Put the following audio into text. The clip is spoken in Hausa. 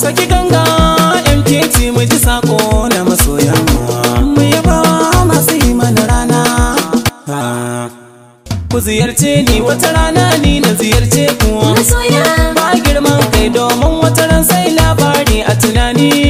saki ganga mkt mu ji sako na masoya. mu yaba masu yi mana rana ku ziyarce ni wata rana ni na ziyarce kuwa. masoya ba girman kai domin wata ran sai labari a tunani